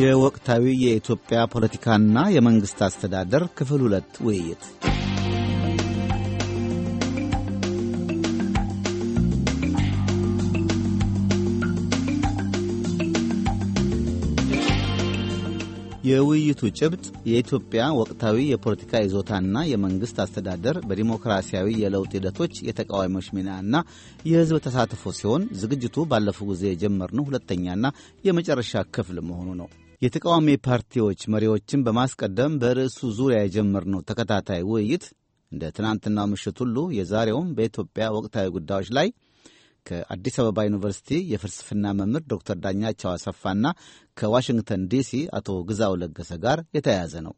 የወቅታዊ የኢትዮጵያ ፖለቲካና የመንግሥት አስተዳደር ክፍል ሁለት ውይይት የውይይቱ ጭብጥ የኢትዮጵያ ወቅታዊ የፖለቲካ ይዞታና የመንግሥት አስተዳደር በዲሞክራሲያዊ የለውጥ ሂደቶች የተቃዋሚዎች ሚናና የሕዝብ ተሳትፎ ሲሆን ዝግጅቱ ባለፈው ጊዜ የጀመርነው ሁለተኛና የመጨረሻ ክፍል መሆኑ ነው። የተቃዋሚ ፓርቲዎች መሪዎችን በማስቀደም በርዕሱ ዙሪያ የጀመርነው ተከታታይ ውይይት እንደ ትናንትናው ምሽት ሁሉ የዛሬውም በኢትዮጵያ ወቅታዊ ጉዳዮች ላይ ከአዲስ አበባ ዩኒቨርሲቲ የፍልስፍና መምህር ዶክተር ዳኛቸው አሰፋና ከዋሽንግተን ዲሲ አቶ ግዛው ለገሰ ጋር የተያያዘ ነው።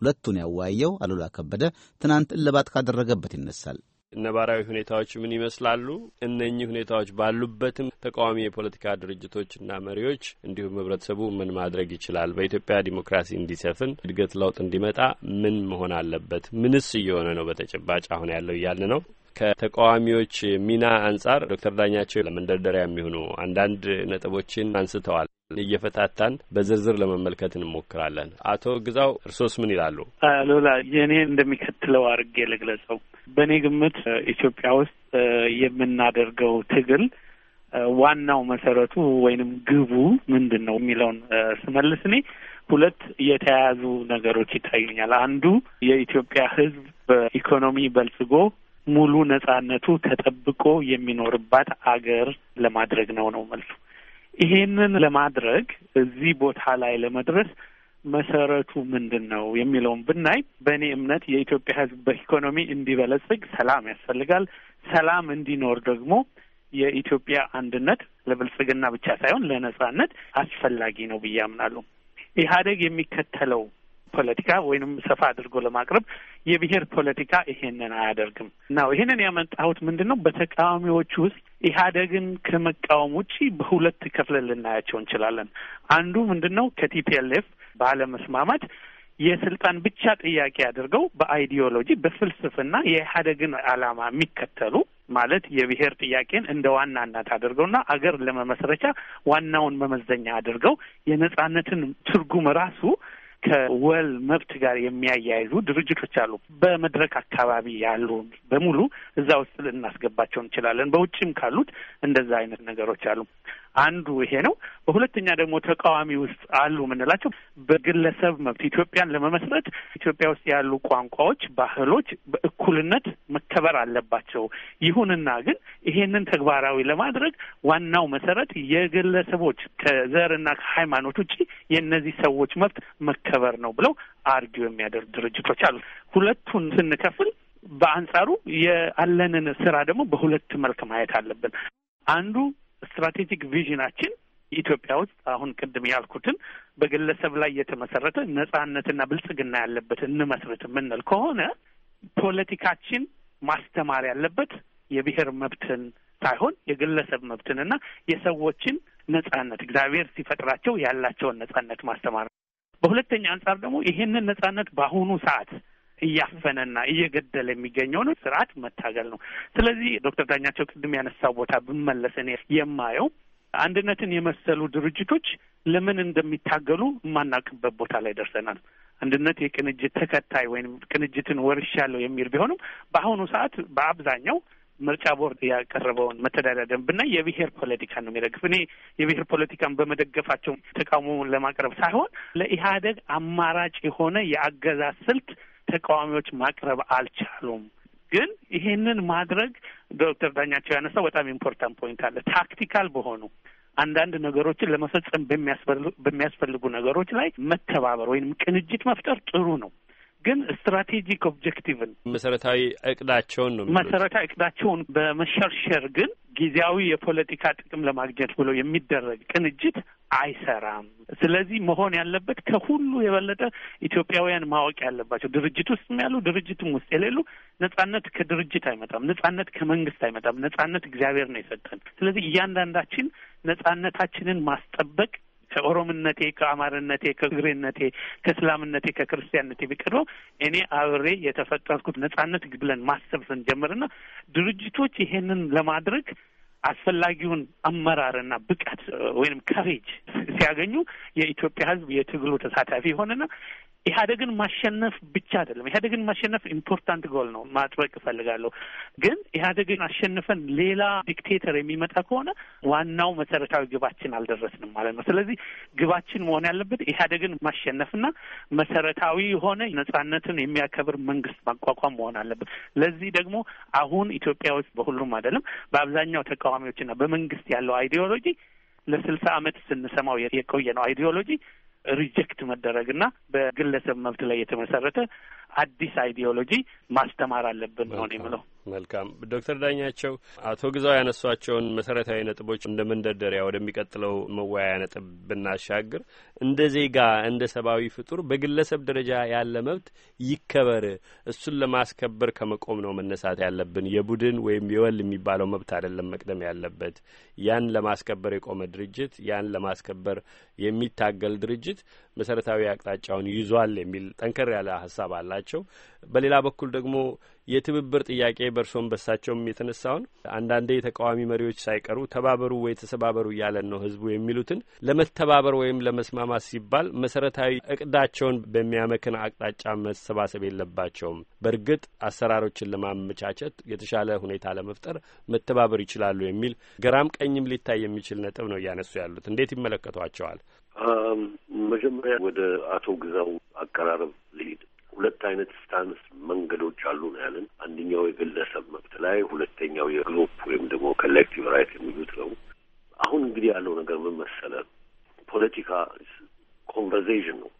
ሁለቱን ያወያየው አሉላ ከበደ ትናንት እልባት ካደረገበት ይነሳል። ነባራዊ ሁኔታዎች ምን ይመስላሉ? እነኚህ ሁኔታዎች ባሉበትም ተቃዋሚ የፖለቲካ ድርጅቶችና መሪዎች እንዲሁም ህብረተሰቡ ምን ማድረግ ይችላል? በኢትዮጵያ ዲሞክራሲ እንዲሰፍን እድገት፣ ለውጥ እንዲመጣ ምን መሆን አለበት? ምንስ እየሆነ ነው በተጨባጭ አሁን ያለው እያለ ነው። ከተቃዋሚዎች ሚና አንጻር ዶክተር ዳኛቸው ለመንደርደሪያ የሚሆኑ አንዳንድ ነጥቦችን አንስተዋል። እየፈታታን በዝርዝር ለመመልከት እንሞክራለን። አቶ ግዛው እርሶስ ምን ይላሉ? ሎላ የእኔ እንደሚከትለው አድርጌ ልግለጸው። በእኔ ግምት ኢትዮጵያ ውስጥ የምናደርገው ትግል ዋናው መሰረቱ ወይንም ግቡ ምንድን ነው የሚለውን ስመልስ እኔ ሁለት የተያያዙ ነገሮች ይታዩኛል። አንዱ የኢትዮጵያ ሕዝብ በኢኮኖሚ በልጽጎ ሙሉ ነጻነቱ ተጠብቆ የሚኖርባት አገር ለማድረግ ነው ነው መልሱ። ይሄንን ለማድረግ እዚህ ቦታ ላይ ለመድረስ መሰረቱ ምንድን ነው የሚለውን ብናይ በእኔ እምነት የኢትዮጵያ ሕዝብ በኢኮኖሚ እንዲበለጽግ ሰላም ያስፈልጋል። ሰላም እንዲኖር ደግሞ የኢትዮጵያ አንድነት ለብልጽግና ብቻ ሳይሆን ለነጻነት አስፈላጊ ነው ብዬ አምናለሁ። ኢህአዴግ የሚከተለው ፖለቲካ ወይንም ሰፋ አድርጎ ለማቅረብ የብሔር ፖለቲካ ይሄንን አያደርግም እና ይሄንን ያመጣሁት ምንድን ነው በተቃዋሚዎች ውስጥ ኢህአደግን ከመቃወም ውጪ በሁለት ከፍለን ልናያቸው እንችላለን። አንዱ ምንድን ነው ከቲፒኤልኤፍ ባለመስማማት የስልጣን ብቻ ጥያቄ አድርገው በአይዲዮሎጂ በፍልስፍና የኢህአደግን ዓላማ የሚከተሉ ማለት የብሔር ጥያቄን እንደ ዋና አድርገው አድርገውና አገር ለመመስረቻ ዋናውን መመዘኛ አድርገው የነጻነትን ትርጉም ራሱ ከወል መብት ጋር የሚያያይዙ ድርጅቶች አሉ። በመድረክ አካባቢ ያሉ በሙሉ እዛ ውስጥ ልናስገባቸው እንችላለን። በውጭም ካሉት እንደዛ አይነት ነገሮች አሉ። አንዱ ይሄ ነው። በሁለተኛ ደግሞ ተቃዋሚ ውስጥ አሉ የምንላቸው በግለሰብ መብት ኢትዮጵያን ለመመስረት ኢትዮጵያ ውስጥ ያሉ ቋንቋዎች፣ ባህሎች በእኩልነት መከበር አለባቸው። ይሁንና ግን ይሄንን ተግባራዊ ለማድረግ ዋናው መሰረት የግለሰቦች ከዘርና ከሃይማኖት ውጭ የእነዚህ ሰዎች መብት መከበር ነው ብለው አርጊው የሚያደርግ ድርጅቶች አሉ። ሁለቱን ስንከፍል በአንጻሩ ያለንን ስራ ደግሞ በሁለት መልክ ማየት አለብን። አንዱ ስትራቴጂክ ቪዥናችን ኢትዮጵያ ውስጥ አሁን ቅድም ያልኩትን በግለሰብ ላይ የተመሰረተ ነጻነትና ብልጽግና ያለበት እንመስርት የምንል ከሆነ ፖለቲካችን ማስተማር ያለበት የብሔር መብትን ሳይሆን የግለሰብ መብትንና የሰዎችን ነጻነት እግዚአብሔር ሲፈጥራቸው ያላቸውን ነጻነት ማስተማር ነው። በሁለተኛ አንጻር ደግሞ ይሄንን ነጻነት በአሁኑ ሰዓት እያፈነና እየገደለ የሚገኘውን ስርዓት መታገል ነው። ስለዚህ ዶክተር ዳኛቸው ቅድም ያነሳው ቦታ ብመለስ እኔ የማየው አንድነትን የመሰሉ ድርጅቶች ለምን እንደሚታገሉ የማናውቅበት ቦታ ላይ ደርሰናል። አንድነት የቅንጅት ተከታይ ወይም ቅንጅትን ወርሻለሁ የሚል ቢሆንም በአሁኑ ሰዓት በአብዛኛው ምርጫ ቦርድ ያቀረበውን መተዳደሪያ ደንብ እና የብሔር ፖለቲካን ነው የሚደግፍ። እኔ የብሔር ፖለቲካን በመደገፋቸው ተቃውሞውን ለማቅረብ ሳይሆን ለኢህአደግ አማራጭ የሆነ የአገዛዝ ስልት ተቃዋሚዎች ማቅረብ አልቻሉም። ግን ይሄንን ማድረግ ዶክተር ዳኛቸው ያነሳው በጣም ኢምፖርታንት ፖይንት አለ። ታክቲካል በሆኑ አንዳንድ ነገሮችን ለመፈጸም በሚያስፈልጉ ነገሮች ላይ መተባበር ወይም ቅንጅት መፍጠር ጥሩ ነው። ግን ስትራቴጂክ ኦብጀክቲቭን መሰረታዊ እቅዳቸውን ነው መሰረታዊ እቅዳቸውን በመሸርሸር ግን ጊዜያዊ የፖለቲካ ጥቅም ለማግኘት ብሎ የሚደረግ ቅንጅት አይሰራም። ስለዚህ መሆን ያለበት ከሁሉ የበለጠ ኢትዮጵያውያን ማወቅ ያለባቸው ድርጅት ውስጥም ያሉ ድርጅትም ውስጥ የሌሉ ነጻነት ከድርጅት አይመጣም። ነጻነት ከመንግስት አይመጣም። ነጻነት እግዚአብሔር ነው የሰጠን። ስለዚህ እያንዳንዳችን ነጻነታችንን ማስጠበቅ ከኦሮምነቴ፣ ከአማርነቴ፣ ከትግሬነቴ፣ ከእስላምነቴ፣ ከክርስቲያንነቴ ቢቀድመው እኔ አብሬ የተፈጠርኩት ነጻነት ብለን ማሰብ ስንጀምርና ድርጅቶች ይሄንን ለማድረግ አስፈላጊውን አመራርና ብቃት ወይም ከሬጅ ሲያገኙ የኢትዮጵያ ሕዝብ የትግሉ ተሳታፊ ይሆንና ኢህአዴግን ማሸነፍ ብቻ አይደለም። ኢህአዴግን ማሸነፍ ኢምፖርታንት ጎል ነው፣ ማጥበቅ እፈልጋለሁ። ግን ኢህአዴግን አሸንፈን ሌላ ዲክቴተር የሚመጣ ከሆነ ዋናው መሰረታዊ ግባችን አልደረስንም ማለት ነው። ስለዚህ ግባችን መሆን ያለበት ኢህአዴግን ማሸነፍና መሰረታዊ የሆነ ነጻነትን የሚያከብር መንግስት ማቋቋም መሆን አለበት። ለዚህ ደግሞ አሁን ኢትዮጵያ ውስጥ በሁሉም አይደለም፣ በአብዛኛው ተቃዋሚዎችና በመንግስት ያለው አይዲዮሎጂ ለስልሳ ዓመት ስንሰማው የቆየ ነው አይዲዮሎጂ ሪጀክት መደረግና በግለሰብ መብት ላይ የተመሰረተ አዲስ አይዲዮሎጂ ማስተማር አለብን ነው የምለው። መልካም ዶክተር ዳኛቸው አቶ ግዛው ያነሷቸውን መሰረታዊ ነጥቦች እንደ መንደርደሪያ ወደሚቀጥለው መወያያ ነጥብ ብናሻግር እንደ ዜጋ እንደ ሰብአዊ ፍጡር በግለሰብ ደረጃ ያለ መብት ይከበር፣ እሱን ለማስከበር ከመቆም ነው መነሳት ያለብን። የቡድን ወይም የወል የሚባለው መብት አይደለም መቅደም ያለበት። ያን ለማስከበር የቆመ ድርጅት፣ ያን ለማስከበር የሚታገል ድርጅት መሰረታዊ አቅጣጫውን ይዟል የሚል ጠንከር ያለ ሀሳብ አላ ናቸው። በሌላ በኩል ደግሞ የትብብር ጥያቄ በእርሶም በሳቸውም የተነሳውን አንዳንዴ የተቃዋሚ መሪዎች ሳይቀሩ ተባበሩ ወይ ተሰባበሩ እያለን ነው ህዝቡ የሚሉትን ለመተባበር ወይም ለመስማማት ሲባል መሰረታዊ እቅዳቸውን በሚያመክን አቅጣጫ መሰባሰብ የለባቸውም። በእርግጥ አሰራሮችን ለማመቻቸት የተሻለ ሁኔታ ለመፍጠር መተባበር ይችላሉ የሚል ግራም ቀኝም ሊታይ የሚችል ነጥብ ነው እያነሱ ያሉት። እንዴት ይመለከቷቸዋል? መጀመሪያ ወደ አቶ ግዛው አቀራረብ ልሂድ። ሁለት አይነት ስታንስ መንገዶች አሉ ነው ያለን። አንደኛው የግለሰብ መብት ላይ፣ ሁለተኛው የግሩፕ ወይም ደግሞ ኮሌክቲቭ ራይት የሚሉት ነው። አሁን እንግዲህ ያለው ነገር ምን መሰለ፣ ፖለቲካ ኮንቨርሴሽን ነው፣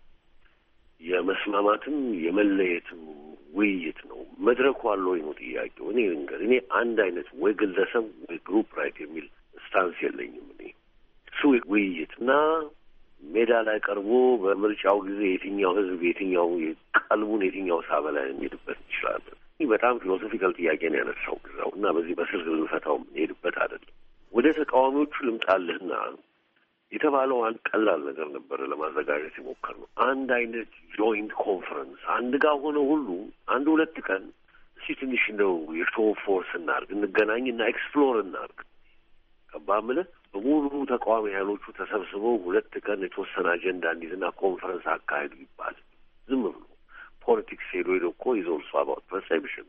የመስማማትም የመለየትም ውይይት ነው። መድረኩ አለው ነው ጥያቄው። እኔ እንግዲህ እኔ አንድ አይነት ወይ ግለሰብ ወይ ግሩፕ ራይት የሚል ስታንስ የለኝም። እኔ እሱ እና ሜዳ ላይ ቀርቦ በምርጫው ጊዜ የትኛው ህዝብ የትኛው ቀልቡን የትኛው ሳ ላይ የሚሄድበት እንችላለን። ይህ በጣም ፊሎሶፊካል ጥያቄ ነው ያነሳው ግዛው እና በዚህ በስልክ ልንፈታው የምንሄድበት አይደለም። ወደ ተቃዋሚዎቹ ልምጣልህና የተባለው አንድ ቀላል ነገር ነበረ ለማዘጋጀት የሞከር ነው። አንድ አይነት ጆይንት ኮንፈረንስ አንድ ጋር ሆነ ሁሉ አንድ ሁለት ቀን እስኪ ትንሽ እንደው የሾ ፎርስ እናርግ፣ እንገናኝ እና ኤክስፕሎር እናርግ። ከባምልህ በሙሉ ተቃዋሚ ኃይሎቹ ተሰብስበው ሁለት ቀን የተወሰነ አጀንዳ እንዲዝና ኮንፈረንስ አካሄዱ ይባል ዝም ብሎ ፖለቲክስ ሄዶ ሄዶ እኮ ይዘው እሱ አባውት ፐርሴፕሽን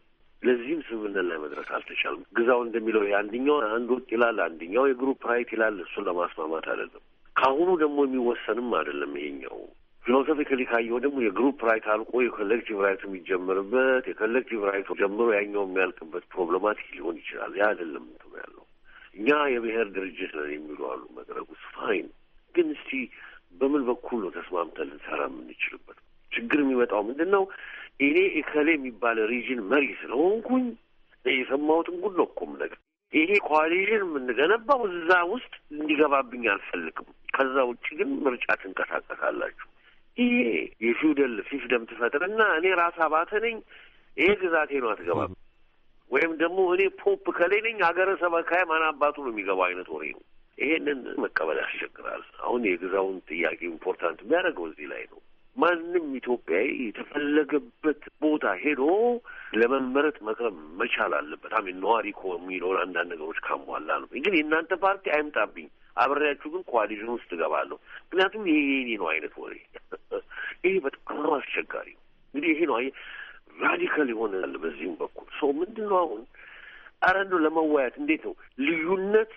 ለዚህም ስምምነት ላይ መድረስ አልተቻለም። ግዛው እንደሚለው የአንድኛው አንድ ወጥ ይላል፣ አንድኛው የግሩፕ ራይት ይላል። እሱን ለማስማማት አይደለም። ከአሁኑ ደግሞ የሚወሰንም አይደለም። ይሄኛው ፊሎሶፊካሊ ካየው ደግሞ የግሩፕ ራይት አልቆ የኮሌክቲቭ ራይት የሚጀምርበት የኮሌክቲቭ ራይት ጀምሮ ያኛው የሚያልቅበት ፕሮብለማቲክ ሊሆን ይችላል። ያ አይደለም ያለው እኛ የብሔር ድርጅት ነን የሚሉ አሉ። መድረጉ ፋይን፣ ግን እስቲ በምን በኩል ነው ተስማምተን ልንሰራ የምንችልበት? ችግር የሚመጣው ምንድን ነው? እኔ እከሌ የሚባል ሪጅን መሪ ስለሆንኩኝ የሰማሁትን ጉድ ነው እኮ የምነግርህ። ይሄ ኮዋሊሽን የምንገነባው እዛ ውስጥ እንዲገባብኝ አልፈልግም። ከዛ ውጭ ግን ምርጫ ትንቀሳቀሳላችሁ። ይሄ የፊውደል ፊፍደም ትፈጥርና እኔ ራስ አባተ ነኝ፣ ይሄ ግዛቴ ነው አትገባብኝ ወይም ደግሞ እኔ ፖፕ ከሌ ነኝ ሀገረ ሰበካ ማን አባቱ ነው የሚገባው አይነት ወሬ ነው። ይሄንን መቀበል ያስቸግራል። አሁን የግዛውን ጥያቄ ኢምፖርታንት የሚያደርገው እዚህ ላይ ነው። ማንም ኢትዮጵያዊ የተፈለገበት ቦታ ሄዶ ለመመረጥ መቅረብ መቻል አለበት። አሚ ነዋሪ ኮ የሚለውን አንዳንድ ነገሮች ካሟላ ነው። ግን የእናንተ ፓርቲ አይምጣብኝ፣ አብሬያችሁ ግን ኮዋሊሽን ውስጥ እገባለሁ። ምክንያቱም ይሄ የኔ ነው አይነት ወሬ፣ ይሄ በጣም አስቸጋሪ ነው። እንግዲህ ይሄ ነው ራዲካል ያለ በዚህም በኩል ሰው ምንድን ነው አሁን አረንዶ ለመወያየት እንዴት ነው ልዩነት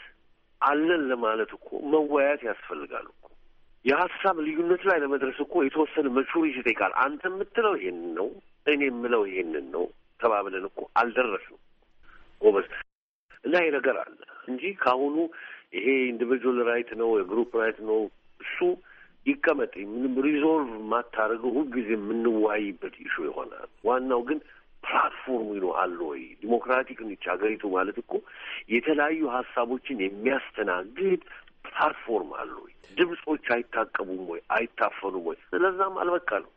አለን ለማለት እኮ መወያየት ያስፈልጋል እኮ የሀሳብ ልዩነት ላይ ለመድረስ እኮ የተወሰነ መቹሪቲ ይጠይቃል። አንተ የምትለው ይሄንን ነው፣ እኔ የምለው ይሄንን ነው ተባብለን እኮ አልደረስም ጎበዝ። እና ይሄ ነገር አለ እንጂ ከአሁኑ ይሄ ኢንዲቪጁዋል ራይት ነው የግሩፕ ራይት ነው እሱ ይቀመጥ። ምንም ሪዞልቭ ማታደርገው ሁልጊዜ የምንወያይበት ኢሹ ይሆናል። ዋናው ግን ፕላትፎርሙ ነው አለ ወይ? ዲሞክራቲክ ነች ሀገሪቱ ማለት እኮ የተለያዩ ሀሳቦችን የሚያስተናግድ ፕላትፎርም አለ ወይ? ድምፆች አይታቀቡም ወይ? አይታፈኑም ወይ? ስለዛም አልበቃ ነው።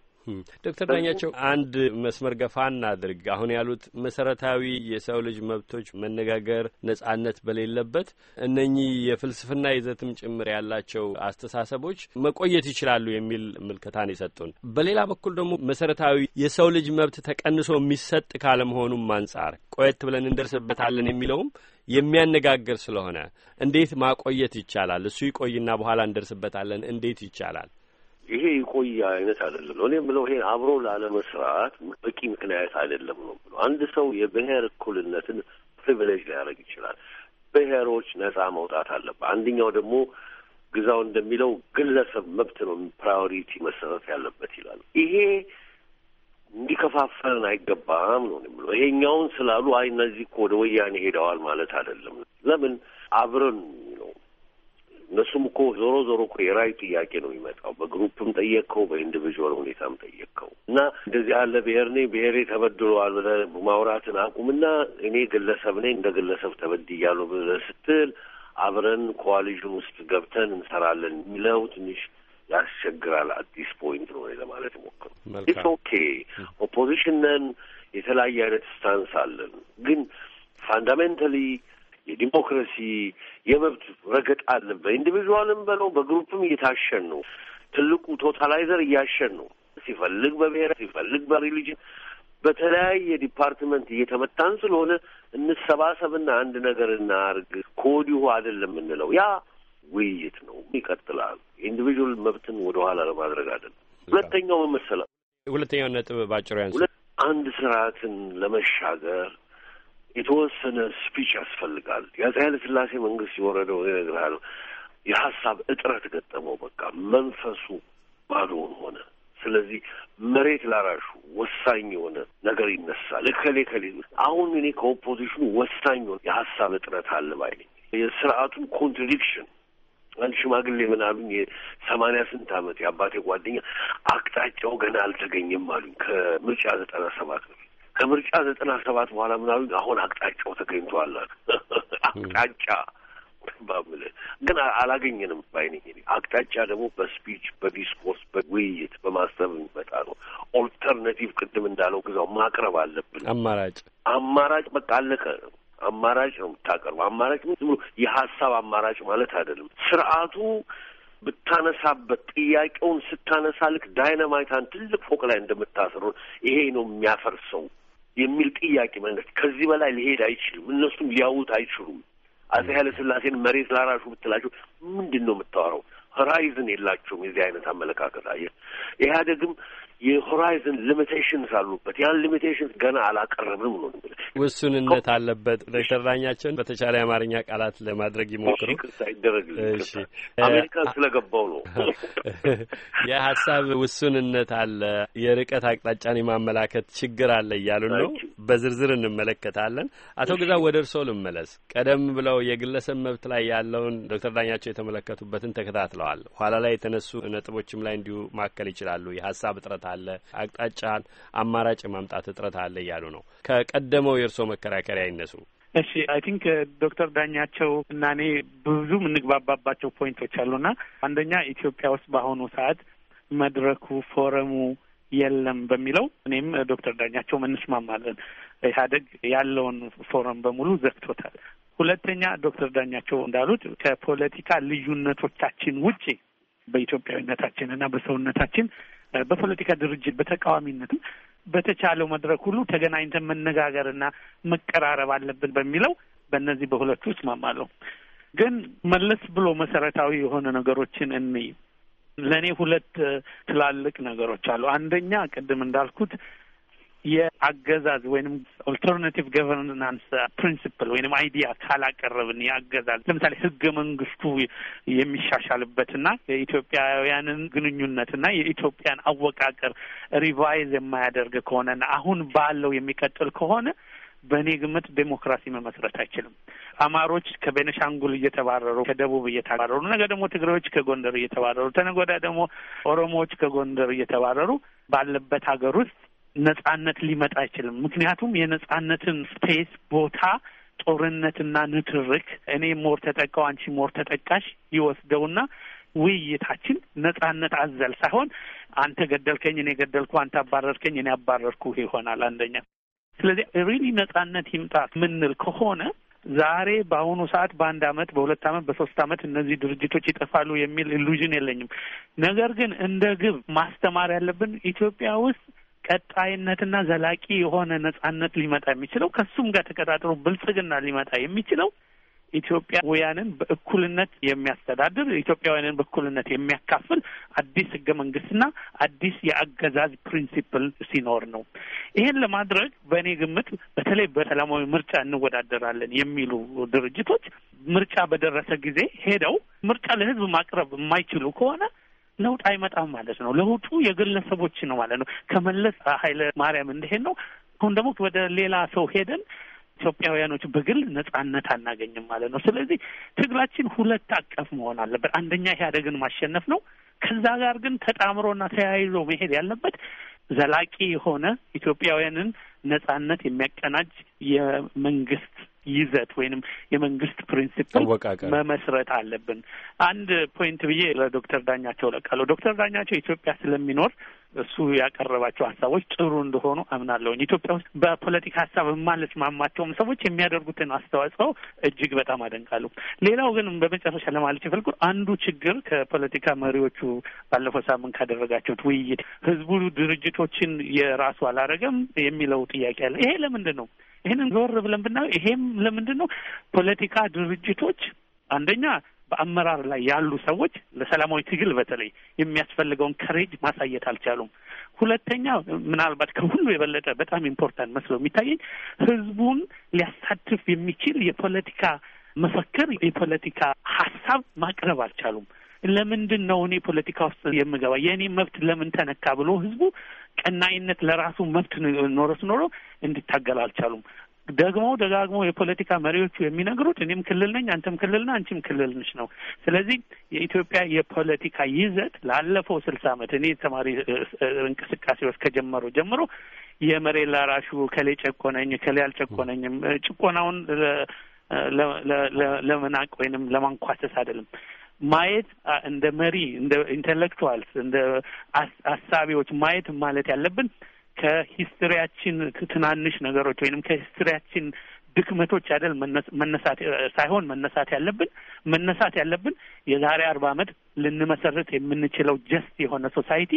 ዶክተር ዳኛቸው አንድ መስመር ገፋ እናድርግ። አሁን ያሉት መሰረታዊ የሰው ልጅ መብቶች መነጋገር ነጻነት በሌለበት እነኚህ የፍልስፍና ይዘትም ጭምር ያላቸው አስተሳሰቦች መቆየት ይችላሉ የሚል ምልከታን የሰጡን፣ በሌላ በኩል ደግሞ መሰረታዊ የሰው ልጅ መብት ተቀንሶ የሚሰጥ ካለመሆኑም አንጻር ቆየት ብለን እንደርስበታለን የሚለውም የሚያነጋግር ስለሆነ እንዴት ማቆየት ይቻላል? እሱ ይቆይና በኋላ እንደርስበታለን። እንዴት ይቻላል? ይሄ ይቆየ አይነት አይደለም ነው። እኔም ብለው ይሄ አብሮ ላለመስራት በቂ ምክንያት አይደለም ነው ብሎ አንድ ሰው የብሔር እኩልነትን ፕሪቪሌጅ ሊያደርግ ይችላል። ብሔሮች ነጻ መውጣት አለበት። አንደኛው ደግሞ ግዛው እንደሚለው ግለሰብ መብት ነው ፕራዮሪቲ መሰረት ያለበት ይላል። ይሄ እንዲከፋፈልን አይገባም ነው የሚለው። ይሄኛውን ስላሉ አይ እነዚህ እኮ ወደ ወያኔ ሄደዋል ማለት አይደለም። ለምን አብረን ነው እነሱም እኮ ዞሮ ዞሮ እኮ የራይ ጥያቄ ነው የሚመጣው። በግሩፕም ጠየቅከው፣ በኢንዲቪዥዋል ሁኔታም ጠየቅከው እና እንደዚህ ያለ ብሔር ነኝ ብሔሬ ተበድሏል ብለህ ማውራትን አቁምና እኔ ግለሰብ ነኝ እንደ ግለሰብ ተበድያለሁ ብለህ ስትል አብረን ኮዋሊዥን ውስጥ ገብተን እንሰራለን የሚለው ትንሽ ያስቸግራል። አዲስ ፖይንት ነው ለማለት ሞክሩ። ኢትስ ኦኬ ኦፖዚሽን ነን የተለያየ አይነት ስታንስ አለን ግን ፋንዳሜንታሊ የዲሞክራሲ የመብት ረገጥ አለን። በኢንዲቪዥዋልም በለው በግሩፕም እየታሸን ነው። ትልቁ ቶታላይዘር እያሸን ነው። ሲፈልግ በብሔር ሲፈልግ በሪሊጅን በተለያየ ዲፓርትመንት እየተመታን ስለሆነ እንሰባሰብና አንድ ነገር እናርግ ከወዲሁ አይደለም የምንለው። ያ ውይይት ነው ይቀጥላል። ኢንዲቪዥዋል መብትን ወደ ኋላ ለማድረግ አይደለም። ሁለተኛው መመሰለ ሁለተኛው ነጥብ ባጭሩ ያንስ አንድ ስርዓትን ለመሻገር የተወሰነ ስፒች ያስፈልጋል። የአፄ ኃይለ ሥላሴ መንግስት የወረደው ይነግርሃል የሀሳብ እጥረት ገጠመው። በቃ መንፈሱ ባዶውን ሆነ። ስለዚህ መሬት ላራሹ ወሳኝ የሆነ ነገር ይነሳል። እከሌ ከሌ አሁን እኔ ከኦፖዚሽኑ ወሳኝ የሆነ የሀሳብ እጥረት አለ ባይ የስርዓቱን ኮንትራዲክሽን አንድ ሽማግሌ ምን አሉኝ፣ የሰማንያ ስንት ዓመት የአባቴ ጓደኛ አቅጣጫው ገና አልተገኘም አሉኝ። ከምርጫ ዘጠና ሰባት ነው ከምርጫ ዘጠና ሰባት በኋላ ምናሉ አሁን አቅጣጫው ተገኝቷል። አቅጣጫ ባምል ግን አላገኘንም ባይነ አቅጣጫ ደግሞ በስፒች በዲስኮርስ በውይይት በማሰብ የሚመጣ ነው። ኦልተርናቲቭ ቅድም እንዳለው ግዛው ማቅረብ አለብን። አማራጭ አማራጭ በቃ አለቀ። አማራጭ ነው የምታቀርበው። አማራጭ ምን ብሎ የሀሳብ አማራጭ ማለት አይደለም። ስርዓቱ ብታነሳበት ጥያቄውን ስታነሳ ልክ ዳይናማይታን ትልቅ ፎቅ ላይ እንደምታስሩ ይሄ ነው የሚያፈርሰው የሚል ጥያቄ መንግስት ከዚህ በላይ ሊሄድ አይችልም። እነሱም ሊያውት አይችሉም። አጼ ኃይለ ስላሴን መሬት ላራሹ ብትላቸው ምንድን ነው የምታወራው? ሆራይዝን የላቸውም። የዚህ አይነት አመለካከት አየህ። ኢህአዴግም የሆራይዘን ሊሚቴሽንስ አሉበት። ያን ሊሚቴሽንስ ገና አላቀረብም ነው ውሱንነት አለበት። ዶክተር ዳኛቸውን በተቻለ የአማርኛ ቃላት ለማድረግ ይሞክሩ። ይቅርታ አሜሪካን ስለገባው ነው። የሀሳብ ውሱንነት አለ፣ የርቀት አቅጣጫን የማመላከት ችግር አለ እያሉን ነው። በዝርዝር እንመለከታለን። አቶ ግዛ ወደ እርስዎ ልመለስ። ቀደም ብለው የግለሰብ መብት ላይ ያለውን ዶክተር ዳኛቸው የተመለከቱበትን ተከታትለዋል። ኋላ ላይ የተነሱ ነጥቦችም ላይ እንዲሁ ማከል ይችላሉ። የሀሳብ እጥረት አለ፣ አቅጣጫን አማራጭ የማምጣት እጥረት አለ እያሉ ነው። ከቀደመው የእርስዎ መከራከሪያ ይነሱ። እሺ አይ ቲንክ ዶክተር ዳኛቸው እና እኔ ብዙ የምንግባባባቸው ፖይንቶች አሉና አንደኛ ኢትዮጵያ ውስጥ በአሁኑ ሰዓት መድረኩ ፎረሙ የለም በሚለው እኔም ዶክተር ዳኛቸው እንስማማለን። ኢህአደግ ያለውን ፎረም በሙሉ ዘግቶታል። ሁለተኛ ዶክተር ዳኛቸው እንዳሉት ከፖለቲካ ልዩነቶቻችን ውጪ በኢትዮጵያዊነታችን እና በሰውነታችን በፖለቲካ ድርጅት በተቃዋሚነትም በተቻለው መድረክ ሁሉ ተገናኝተን መነጋገርና መቀራረብ አለብን በሚለው በእነዚህ በሁለቱ እስማማለሁ። ግን መለስ ብሎ መሰረታዊ የሆነ ነገሮችን እንይ። ለእኔ ሁለት ትላልቅ ነገሮች አሉ። አንደኛ ቅድም እንዳልኩት የአገዛዝ ወይንም ኦልተርናቲቭ ገቨርናንስ ፕሪንስፕል ወይንም አይዲያ ካላቀረብን የአገዛዝ ለምሳሌ ህገ መንግስቱ የሚሻሻልበትና የኢትዮጵያውያንን ግንኙነትና የኢትዮጵያን አወቃቀር ሪቫይዝ የማያደርግ ከሆነና አሁን ባለው የሚቀጥል ከሆነ በእኔ ግምት ዴሞክራሲ መመስረት አይችልም። አማሮች ከቤነሻንጉል እየተባረሩ ከደቡብ እየተባረሩ ነገ ደግሞ ትግራዮች ከጎንደር እየተባረሩ ተነገ ወዲያ ደግሞ ኦሮሞዎች ከጎንደር እየተባረሩ ባለበት ሀገር ውስጥ ነጻነት ሊመጣ አይችልም። ምክንያቱም የነጻነትን ስፔስ ቦታ ጦርነትና ንትርክ እኔ ሞር ተጠቃው አንቺ ሞር ተጠቃሽ ይወስደውና ውይይታችን ነጻነት አዘል ሳይሆን አንተ ገደልከኝ፣ እኔ ገደልኩ፣ አንተ አባረርከኝ፣ እኔ አባረርኩ ይሆናል አንደኛ። ስለዚህ ሪሊ ነጻነት ይምጣ ምንል ከሆነ ዛሬ በአሁኑ ሰዓት በአንድ አመት፣ በሁለት አመት፣ በሶስት አመት እነዚህ ድርጅቶች ይጠፋሉ የሚል ኢሉዥን የለኝም። ነገር ግን እንደ ግብ ማስተማር ያለብን ኢትዮጵያ ውስጥ ቀጣይነትና ዘላቂ የሆነ ነጻነት ሊመጣ የሚችለው ከሱም ጋር ተቀጣጥሮ ብልጽግና ሊመጣ የሚችለው ኢትዮጵያውያንን በእኩልነት የሚያስተዳድር ኢትዮጵያውያንን በእኩልነት የሚያካፍል አዲስ ህገ መንግስትና አዲስ የአገዛዝ ፕሪንሲፕል ሲኖር ነው። ይሄን ለማድረግ በእኔ ግምት በተለይ በሰላማዊ ምርጫ እንወዳደራለን የሚሉ ድርጅቶች ምርጫ በደረሰ ጊዜ ሄደው ምርጫ ለህዝብ ማቅረብ የማይችሉ ከሆነ ለውጥ አይመጣም ማለት ነው። ለውጡ የግለሰቦች ነው ማለት ነው። ከመለስ ኃይለ ማርያም እንደሄድ ነው። አሁን ደግሞ ወደ ሌላ ሰው ሄደን ኢትዮጵያውያኖች በግል ነጻነት አናገኝም ማለት ነው። ስለዚህ ትግላችን ሁለት አቀፍ መሆን አለበት። አንደኛ ኢህአዴግን ማሸነፍ ነው። ከዛ ጋር ግን ተጣምሮና ተያይዞ መሄድ ያለበት ዘላቂ የሆነ ኢትዮጵያውያንን ነጻነት የሚያቀናጅ የመንግስት ይዘት ወይንም የመንግስት ፕሪንሲፕል መመስረት አለብን። አንድ ፖይንት ብዬ ለዶክተር ዳኛቸው ለቃለሁ። ዶክተር ዳኛቸው ኢትዮጵያ ስለሚኖር እሱ ያቀረባቸው ሀሳቦች ጥሩ እንደሆኑ አምናለሁኝ። ኢትዮጵያ ውስጥ በፖለቲካ ሀሳብ የማልስማማቸውም ሰዎች የሚያደርጉትን አስተዋጽኦ እጅግ በጣም አደንቃለሁ። ሌላው ግን በመጨረሻ ለማለት የፈልጉ አንዱ ችግር ከፖለቲካ መሪዎቹ ባለፈው ሳምንት ካደረጋቸው ውይይት ህዝቡ ድርጅቶችን የራሱ አላረገም የሚለው ጥያቄ አለ። ይሄ ለምንድን ነው ይህንን ዞር ብለን ብናየው ይሄም ለምንድን ነው ፖለቲካ ድርጅቶች አንደኛ በአመራር ላይ ያሉ ሰዎች ለሰላማዊ ትግል በተለይ የሚያስፈልገውን ከሬጅ ማሳየት አልቻሉም። ሁለተኛ ምናልባት ከሁሉ የበለጠ በጣም ኢምፖርታንት መስሎ የሚታየኝ ህዝቡን ሊያሳትፍ የሚችል የፖለቲካ መፈክር፣ የፖለቲካ ሀሳብ ማቅረብ አልቻሉም። ለምንድን ነው እኔ ፖለቲካ ውስጥ የምገባ? የእኔ መብት ለምን ተነካ ብሎ ህዝቡ ቀናይነት ለራሱ መብት ኖረስ ኖሮ እንዲታገል አልቻሉም። ደግሞ ደጋግሞ የፖለቲካ መሪዎቹ የሚነግሩት እኔም ክልል ነኝ፣ አንተም ክልል ነህ፣ አንቺም ክልል ነሽ ነው። ስለዚህ የኢትዮጵያ የፖለቲካ ይዘት ላለፈው ስልሳ ዓመት እኔ ተማሪ እንቅስቃሴ ውስጥ ከጀመሩ ጀምሮ የመሬት ላራሹ ከሌ ጨቆነኝ ከሌ አልጨቆነኝም ጭቆናውን ለመናቅ ወይንም ለማንኳሰስ አይደለም። ማየት እንደ መሪ እንደ ኢንቴሌክቹዋልስ እንደ አሳቢዎች ማየት ማለት ያለብን ከሂስትሪያችን ትናንሽ ነገሮች ወይንም ከሂስትሪያችን ድክመቶች አይደል መነሳት ሳይሆን መነሳት ያለብን መነሳት ያለብን የዛሬ አርባ ዓመት ልንመሰርት የምንችለው ጀስት የሆነ ሶሳይቲ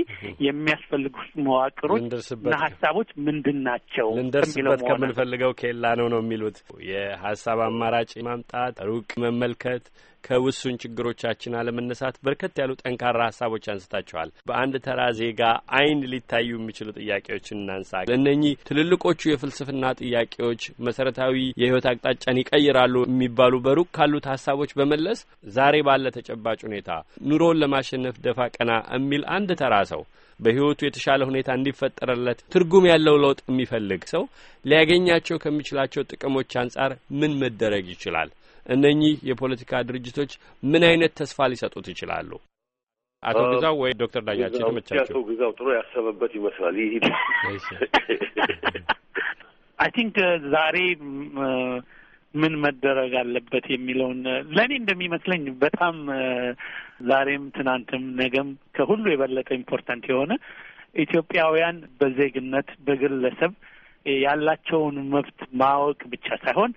የሚያስፈልጉ መዋቅሮች እና ሀሳቦች ምንድን ናቸው? ልንደርስበት ከምንፈልገው ኬላ ነው ነው የሚሉት የሀሳብ አማራጭ ማምጣት ሩቅ መመልከት ከውሱን ችግሮቻችን አለመነሳት በርከት ያሉ ጠንካራ ሀሳቦች አንስታችኋል። በአንድ ተራ ዜጋ አይን ሊታዩ የሚችሉ ጥያቄዎችን እናንሳ። እነኚህ ትልልቆቹ የፍልስፍና ጥያቄዎች መሰረታዊ የህይወት አቅጣጫን ይቀይራሉ የሚባሉ በሩቅ ካሉት ሀሳቦች በመለስ ዛሬ ባለ ተጨባጭ ሁኔታ ኑሮን ለማሸነፍ ደፋ ቀና የሚል አንድ ተራ ሰው በህይወቱ የተሻለ ሁኔታ እንዲፈጠረለት ትርጉም ያለው ለውጥ የሚፈልግ ሰው ሊያገኛቸው ከሚችላቸው ጥቅሞች አንጻር ምን መደረግ ይችላል? እነኚህ የፖለቲካ ድርጅቶች ምን አይነት ተስፋ ሊሰጡት ይችላሉ? አቶ ግዛው ወይ ዶክተር ዳኛቸው ይመቻቸው። አቶ ግዛው ጥሩ ያሰበበት ይመስላል። ይህ አይ ቲንክ ዛሬ uh, ምን መደረግ አለበት የሚለውን uh, ለእኔ እንደሚመስለኝ በጣም uh, ዛሬም ትናንትም ነገም ከሁሉ የበለጠ ኢምፖርታንት የሆነ ኢትዮጵያውያን በዜግነት በግለሰብ ያላቸውን መብት ማወቅ ብቻ ሳይሆን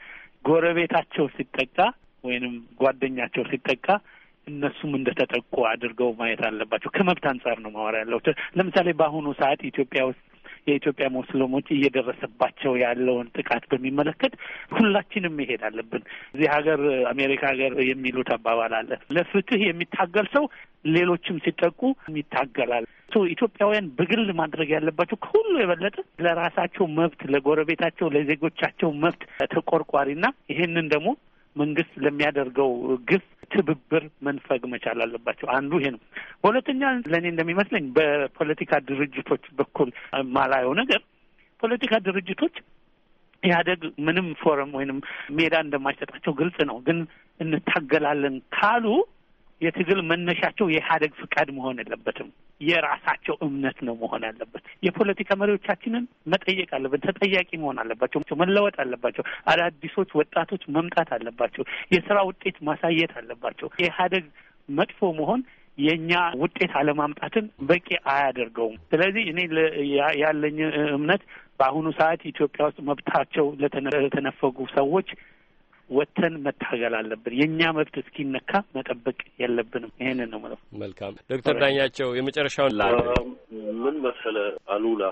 ጎረቤታቸው ሲጠቃ ወይንም ጓደኛቸው ሲጠቃ እነሱም እንደተጠቁ አድርገው ማየት አለባቸው። ከመብት አንጻር ነው ማወራ ያለው። ለምሳሌ በአሁኑ ሰዓት ኢትዮጵያ ውስጥ የኢትዮጵያ ሙስሊሞች እየደረሰባቸው ያለውን ጥቃት በሚመለከት ሁላችንም መሄድ አለብን። እዚህ ሀገር አሜሪካ ሀገር የሚሉት አባባል አለ፣ ለፍትህ የሚታገል ሰው ሌሎችም ሲጠቁ ይታገላል። ኢትዮጵያውያን በግል ማድረግ ያለባቸው ከሁሉ የበለጠ ለራሳቸው መብት፣ ለጎረቤታቸው፣ ለዜጎቻቸው መብት ተቆርቋሪና ይህንን ደግሞ መንግስት ለሚያደርገው ግፍ ትብብር መንፈግ መቻል አለባቸው። አንዱ ይሄ ነው። በሁለተኛ ለእኔ እንደሚመስለኝ በፖለቲካ ድርጅቶች በኩል ማላየው ነገር ፖለቲካ ድርጅቶች ኢህአደግ ምንም ፎረም ወይንም ሜዳ እንደማይሰጣቸው ግልጽ ነው። ግን እንታገላለን ካሉ የትግል መነሻቸው የኢህአደግ ፍቃድ መሆን የለበትም። የራሳቸው እምነት ነው መሆን ያለበት። የፖለቲካ መሪዎቻችንን መጠየቅ አለብን። ተጠያቂ መሆን አለባቸው። መለወጥ አለባቸው። አዳዲሶች ወጣቶች መምጣት አለባቸው። የስራ ውጤት ማሳየት አለባቸው። የኢህአደግ መጥፎ መሆን የእኛ ውጤት አለማምጣትን በቂ አያደርገውም። ስለዚህ እኔ ያለኝ እምነት በአሁኑ ሰዓት ኢትዮጵያ ውስጥ መብታቸው ለተነፈጉ ሰዎች ወጥተን መታገል አለብን። የእኛ መብት እስኪነካ መጠበቅ የለብንም። ይህንን ነው ምለው። መልካም ዶክተር ዳኛቸው የመጨረሻውን ላ ምን መሰለ አሉላ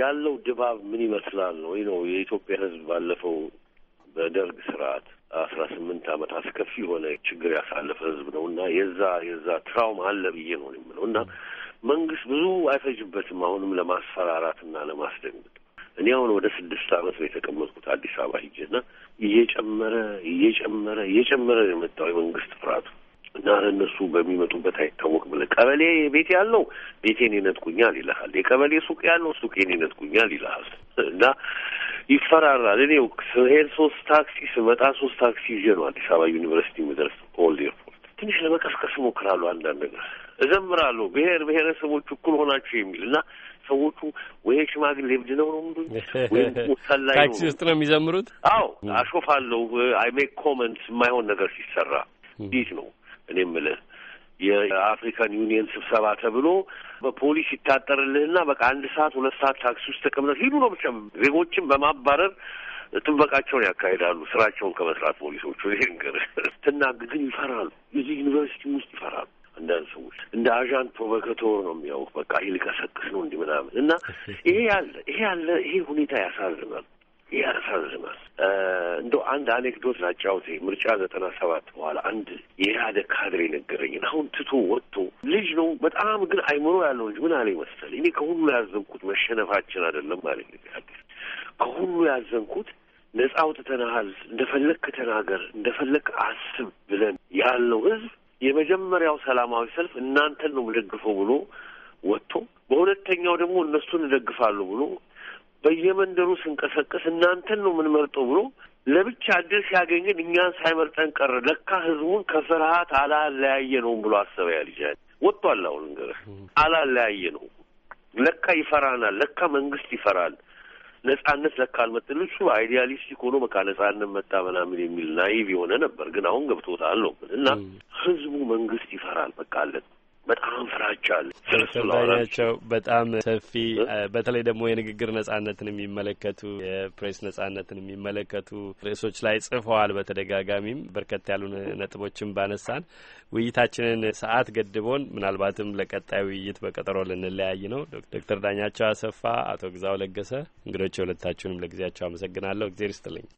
ያለው ድባብ ምን ይመስላል ነው ነው የኢትዮጵያ ሕዝብ ባለፈው በደርግ ስርዓት አስራ ስምንት አመት አስከፊ የሆነ ችግር ያሳለፈ ህዝብ ነው እና የዛ የዛ ትራውማ አለ ብዬ ነው የምለው እና መንግስት ብዙ አይፈጅበትም አሁንም ለማስፈራራት እና ለማስደንገጥ እኔ አሁን ወደ ስድስት ዓመት ነው የተቀመጥኩት አዲስ አበባ ና እየጨመረ እየጨመረ እየጨመረ ነው የመጣው የመንግስት ፍርሃቱ እና እነሱ በሚመጡበት አይታወቅ ብለህ ቀበሌ ቤት ያለው ቤቴን ይነጥቁኛል ይልሃል። የቀበሌ ሱቅ ያለው ሱቄን ይነጥቁኛል ይልሃል። እና ይፈራራል። እኔ ስሄድ ሶስት ታክሲ ስመጣ ሶስት ታክሲ ይዤ ነው አዲስ አበባ ዩኒቨርሲቲ የምደርስ ኦልድ ኤርፖርት። ትንሽ ለመቀስቀስ ሞክራሉ አንዳንድ ነገር እዘምራለሁ ብሔር ብሔረሰቦች እኩል ሆናችሁ የሚል እና ሰዎቹ ወይ ሽማግሌ እብድ ነው ነው ምዱ ወይም ሰላይ ታክሲ ውስጥ ነው የሚዘምሩት። አዎ አሾፋለሁ። አይ ሜክ ኮመንትስ የማይሆን ነገር ሲሰራ እንዴት ነው እኔ የምልህ የአፍሪካን ዩኒየን ስብሰባ ተብሎ በፖሊስ ይታጠርልህና በቃ አንድ ሰዓት ሁለት ሰዓት ታክሲ ውስጥ ተቀምጠ ሂዱ ነው ብቻ ዜጎችን በማባረር ጥበቃቸውን ያካሄዳሉ። ስራቸውን ከመስራት ፖሊሶቹ ይሄ ነገር ትናግ ግን ይፈራሉ። የዚህ ዩኒቨርሲቲ ውስጥ ይፈራሉ። አንዳንድ ሰዎች እንደ አዣን ፕሮቮካቶር ነው የሚያውቅ በቃ ይህ ሊቀሰቅስ ነው እንዲህ ምናምን እና ይሄ ያለ ይሄ ያለ ይሄ ሁኔታ ያሳዝናል ያሳዝናል። እንደው አንድ አኔክዶት ላጫውት። ምርጫ ዘጠና ሰባት በኋላ አንድ የኢህአዴግ ካድሬ ነገረኝን አሁን ትቶ ወጥቶ ልጅ ነው በጣም ግን አይምሮ ያለው ልጅ ምን አለኝ መሰለኝ እኔ ከሁሉ ያዘንኩት መሸነፋችን አይደለም ማለት አዲስ ከሁሉ ያዘንኩት ነጻ አውጥተናሃል፣ እንደፈለግክ ተናገር፣ እንደፈለግክ አስብ ብለን ያለው ህዝብ የመጀመሪያው ሰላማዊ ሰልፍ እናንተን ነው የምደግፈው ብሎ ወጥቶ በሁለተኛው ደግሞ እነሱን እደግፋለሁ ብሎ በየመንደሩ ስንቀሰቀስ እናንተን ነው የምንመርጠው ብሎ ለብቻ እድል ሲያገኝን እኛን ሳይመርጠን ቀረ። ለካ ህዝቡን ከፍርሀት አላለያየ ነውም ብሎ አሰበ። ያ ልጅ ወጥቷል። አሁን እንግዲህ አላለያየ ነው። ለካ ይፈራናል። ለካ መንግስት ይፈራል። ነጻነት ለካ አልመጥል እሱ አይዲያሊስቲክ ሆኖ በቃ ነጻነት መጣ ምናምን የሚል ናይቭ የሆነ ነበር። ግን አሁን ገብቶታል ነው እና ህዝቡ መንግስት ይፈራል። በቃ አለን በጣም ፍራቻ አለ። በጣም ሰፊ በተለይ ደግሞ የንግግር ነጻነትን የሚመለከቱ የፕሬስ ነጻነትን የሚመለከቱ ርዕሶች ላይ ጽፈዋል። በተደጋጋሚም በርከት ያሉ ነጥቦችን ባነሳን ውይይታችንን ሰዓት ገድቦን ምናልባትም ለቀጣይ ውይይት በቀጠሮ ልንለያይ ነው። ዶክተር ዳኛቸው አሰፋ፣ አቶ ግዛው ለገሰ እንግዶች የሁለታችሁንም ለጊዜያቸው አመሰግናለሁ። እግዜር ይስጥልኝ።